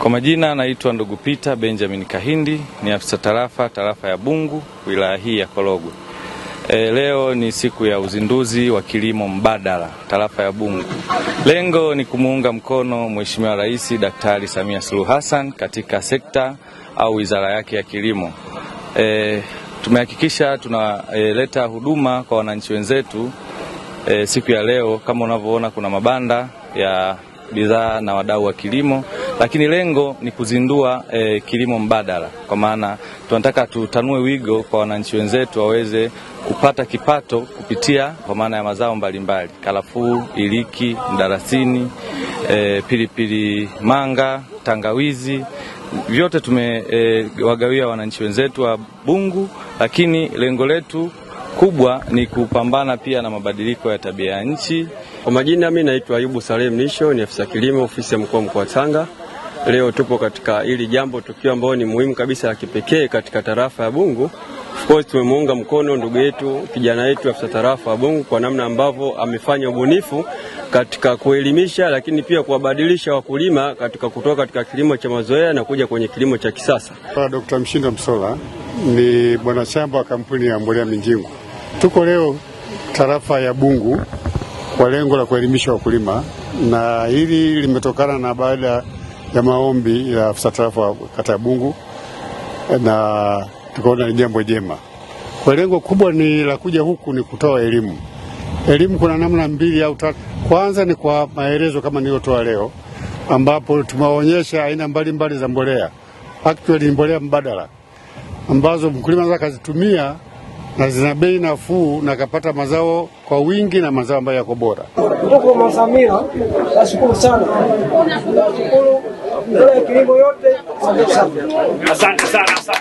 Kwa majina naitwa ndugu Peter Benjamin Kahindi, ni afisa tarafa tarafa ya Bungu wilaya hii ya Korogwe. E, leo ni siku ya uzinduzi wa kilimo mbadala tarafa ya Bungu. Lengo ni kumuunga mkono Mheshimiwa Rais Daktari Samia Suluhu Hassan katika sekta au wizara yake ya kilimo. E, tumehakikisha tunaleta e, huduma kwa wananchi wenzetu e, siku ya leo kama unavyoona kuna mabanda ya bidhaa na wadau wa kilimo lakini lengo ni kuzindua e, kilimo mbadala, kwa maana tunataka tutanue wigo kwa wananchi wenzetu waweze kupata kipato kupitia kwa maana ya mazao mbalimbali, karafuu, iliki, mdalasini, e, eh, pilipili manga, tangawizi vyote tumewagawia eh, e, wananchi wenzetu wa Bungu, lakini lengo letu kubwa ni kupambana pia na mabadiliko ya tabia ya nchi. Kwa majina, mimi naitwa Ayubu Salem Nisho, ni afisa kilimo ofisi ya mkuu wa mkoa wa Tanga. Leo tupo katika hili jambo, tukio ambao ni muhimu kabisa la kipekee katika tarafa ya Bungu. Of course tumemuunga mkono ndugu yetu kijana yetu afisa tarafa ya Bungu kwa namna ambavyo amefanya ubunifu katika kuelimisha, lakini pia kuwabadilisha wakulima katika kutoka katika kilimo cha mazoea na kuja kwenye kilimo cha kisasa. Dr. Mshindo Msola ni bwana shamba wa kampuni ya mbolea Minjingu. Tuko leo tarafa ya Bungu kwa lengo la kuelimisha wakulima, na hili limetokana na baada ya maombi ya afisa tarafa kata ya Bungu, na tukaona ni jambo jema. Kwa lengo kubwa ni la kuja huku ni kutoa elimu. Elimu kuna namna mbili au tatu. Kwanza ni kwa maelezo kama niliyotoa leo, ambapo tumewaonyesha aina mbalimbali za mbolea, actually mbolea mbadala ambazo mkulima anaweza akazitumia na zina bei nafuu na kapata mazao kwa wingi na mazao ambayo yako bora. Ndugu Mama Samia, nashukuru sana, nashukuru Sana sana sana.